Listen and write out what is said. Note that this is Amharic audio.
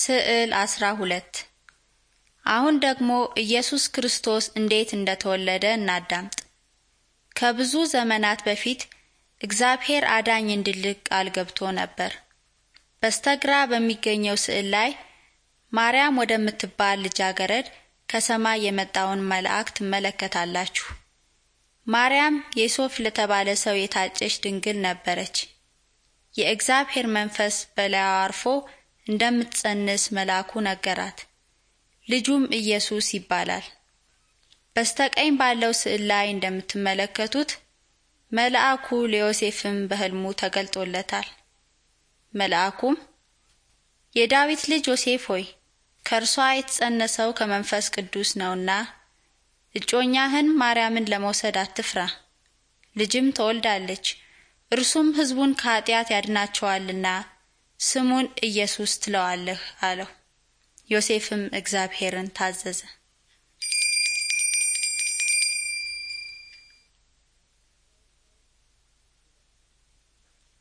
ስዕል 12 አሁን ደግሞ ኢየሱስ ክርስቶስ እንዴት እንደተወለደ እናዳምጥ። ከብዙ ዘመናት በፊት እግዚአብሔር አዳኝ እንዲልክ ቃል ገብቶ ነበር። በስተግራ በሚገኘው ስዕል ላይ ማርያም ወደምትባል ልጃገረድ ከሰማይ የመጣውን መልአክ ትመለከታላችሁ። ማርያም የሶፍ ለተባለ ሰው የታጨች ድንግል ነበረች። የእግዚአብሔር መንፈስ በላዩ አርፎ እንደምትጸንስ መልአኩ ነገራት። ልጁም ኢየሱስ ይባላል። በስተቀኝ ባለው ስዕል ላይ እንደምትመለከቱት መልአኩ ለዮሴፍም በሕልሙ ተገልጦለታል። መልአኩም የዳዊት ልጅ ዮሴፍ ሆይ ከእርሷ የተጸነሰው ከመንፈስ ቅዱስ ነውና እጮኛህን ማርያምን ለመውሰድ አትፍራ፣ ልጅም ትወልዳለች፣ እርሱም ሕዝቡን ከኃጢአት ያድናቸዋልና ስሙን ኢየሱስ ትለዋለህ አለው። ዮሴፍም እግዚአብሔርን ታዘዘ።